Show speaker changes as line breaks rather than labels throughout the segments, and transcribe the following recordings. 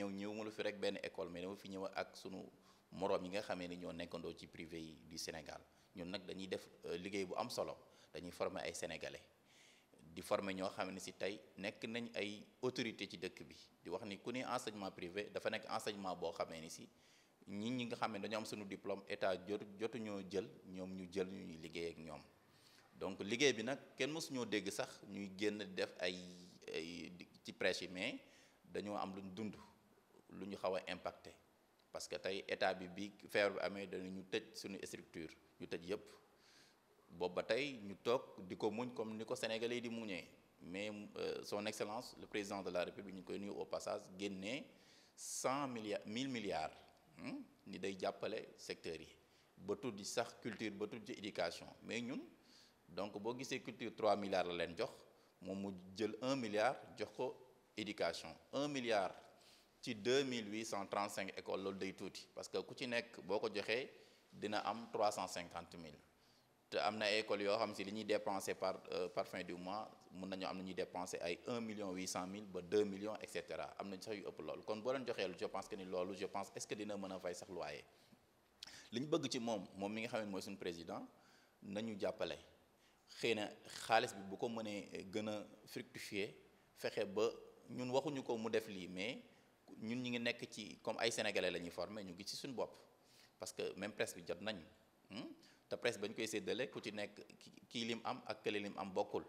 ñëw ñëw ma lu fi rek benn école mais dama fi ñëw ak sunu moroom yi nga xamee ni ñoo nekkandoo ci privé yi du Sénégal ñun nag dañuy def euh, liggéey bu am solo dañuy former ay sénégalais di former ñoo xam ne si nek nañ ay autorité ci dëkk bi di wax ni ku ne enseignement privé dafa nekk enseignement boo xamee ni si ñi ñi nga xam ne am suñu diplôme état jot jotu ñoo jël ñoom ñu jël ñuy liggéey ak ñoom donc liggéey bi nag kenn mosu ñoo dégg sax ñuy def ay ay ci prêche yi mais dañoo am luñ dundu lu ñu xaw a parce que l'État état bi bi feebar bi amee ñu tëj suñu structure ñu ñu comme sénégalais di mais euh, son excellence le président de la république ñu koy nuyu au passage génnee 100 milliards 1000 hmm, milliards ni day jàppale secteurs yi ba di sax culture ba di éducation mais ñun donc boo gisee culture 3 milliards la leen jox moom 1 milliard jox ko éducation 1 milliard ci 2835 écoles lol day touti parce que ku ci nek boko joxé dina am 350 000 te amna école yo xam si li ñuy dépenser par euh, par fin du mois mën nañu am na ñuy dépenser ay 1 million 800 000 ba 2 millions et cetera am sax yu ëpp loolu kon bo leen joxé je pense que ni loolu je pense est-ce que dina mën fay sax loyer liñ bëgg ci mom mom mi nga xamé moy mooy suñu président nañu jappalé xëy na bi bu ko mëne gëna fructifier fexé ba ñun waxuñu ko mu def li mais. ñun ñi ngi nekk ci comme ay sénégalais la ñuy formé ñu ngi ci suñu bopp parce que même presse jot nañu hmm? te presse bañ koy séddale ku ci nekk kii lim am ak kële lim am bokkul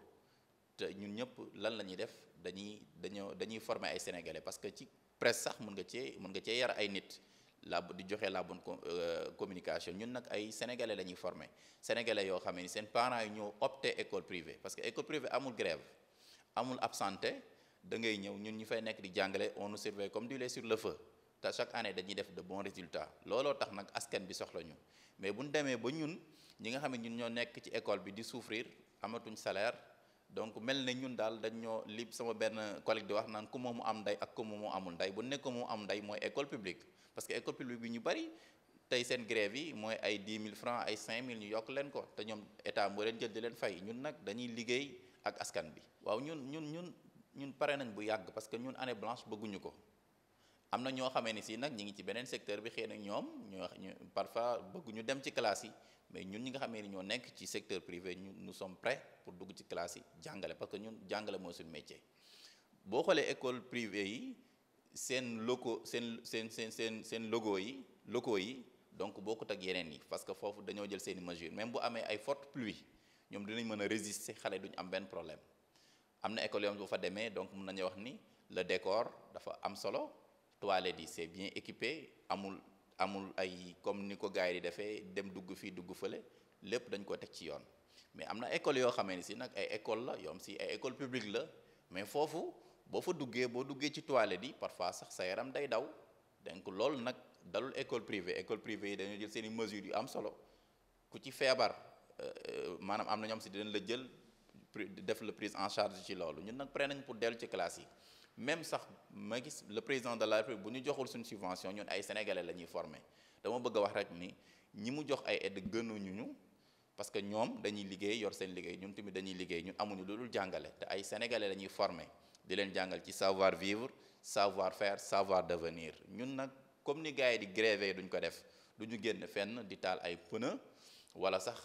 te ñun ñëpp lan la ñuy def dañuy dañoo dañuy former ay sénégalais parce que ci presse sax mun nga cee mun nga cee yar ay nit la di joxe la bonne euh, communication ñun nag ay sénégalais la ñuy former sénégalais yoo xam ne seen parents yi ñoo opté école privée parce que école privée amul grève amul absenté da ngay ñëw ñun ñu fay nekk di jàngale on u surveille comme du lait sur le feu te chaque année dañuy def de bons résultats looloo tax nag askan bi soxla ñu mais bu ñu demee ba ñun ñi nga xam ne ñun ñoo nekk ci école bi di souffrir amatuñ salaire donc mel ne ñun daal dañ ñoo li sama benn collègue di wax naan ku mu am nday ak ku moomu amul nday bu nekk mu am nday mooy école publique parce que école publique bi ñu bari tey seen grève yi mooy ay 10 mille francs ay 5 000 yokk leen ko te ñoom état moo jël di leen fay ñun nag dañuy liggéey ak bi ñun pare nañ bu yàgg parce que ñun année blanche bëgguñu ko am na ñoo xamee ni sii nag ñi ngi ci beneen secteur bi xëy na ñoom ñu wax ñu parfois bëgguñu dem ci classe yi mais ñun ñi nga xamee ni ñoo nekk ci secteur privé ñu nous sommes prêts pour dugg ci classe yi jàngale parce que ñun jàngale moo suñu métier boo xoolee école privée yi seen logo seen seen seen seen seen logo yi locaux yi donc boo ko teg yeneen yi parce que foofu dañoo jël seen i mesure même bu amee ay forte pluie ñoom dinañ mën a résister xale am benn problème amna école yoo xam bu fa démé donc mën nañ wax ni le décor dafa am solo toilettes yi c'est bien équipé amul amul ay comme niko gaay di dem dugg fi dugg feulé lepp dañ ko teg ci yoon mais amna école yo xamé ni si nak ay école la yoom si ay école publique la mais fofu bo fa duggé bo duggé ci toilette yi parfois sax sa yaram day daw donc lool nak dalul école privée école privée dañu jël seen i mesures yu am solo ku ci feebar euh, euh, maanaam am na ñoom si dinañ la jël def le prise en charge ci loolu ñun nag pare nañ pour dellu ci classe yi même sax ma gis le président de la République bu ñu joxul suñu subvention ñun ay sénégalais la ñuy former dama bëgg wax rek ni ñi mu jox ay aide gënuñu ñu parce que ñoom dañuy liggéey yor seen liggéey ñun tamit dañuy liggéey ñun amuñu lu dul jàngale te ay sénégalais la ñuy former di leen jàngal ci savoir vivre savoir faire savoir devenir ñun nag comme ni gars yi di grévé duñ ko def du ñu génn fenn di taal ay pneu wala sax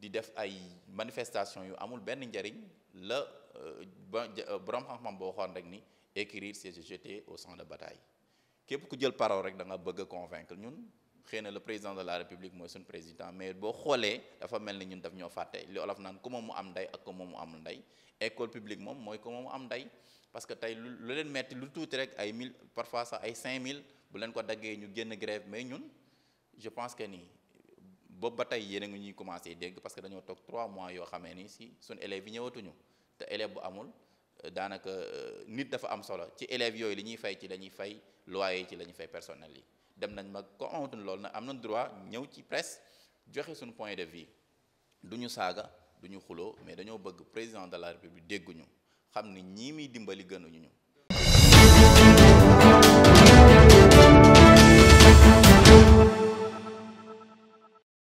di def ay manifestation yu amul ben njariñ le euh, euh, borom xam-xam bo xoon rek ni écrire c'est se jeter au champ de bataille képp ku jël parole rek da nga bëgg convaincre ñun xëy le président de la république moy suñu président mais bo xolé dafa melni ñun daf ñoo faté li olaf naan ku moom mu am nday ak ku moom mu am nday école publique mom moy ku moom mu am nday parce que tay lu leen metti lu tout rek ay 1000 parfois ça ay 5000 bu leen ko daggé ñu génn grève mais ñun je pense que ni boobu ba tey yéen a ngi ñuy commencé dégg parce que dañoo toog 3 mois yoo xamee ni si suñu élèves yi ñëwatuñu te élève bu amul euh, daanaka euh, nit dafa am solo ci élèves yooyu li ñuy fay ci lañuy ñuy fay loyer ci la ñuy fay personnel yi dem nañ mag ko ontuñ loolu nag am na droit ñëw ci presse joxe suñu point de vie du ñu saaga du ñu xuloo mais dañoo bëgg président de la république dégguñu xam ni ñii muy dimbali gënuñu ñu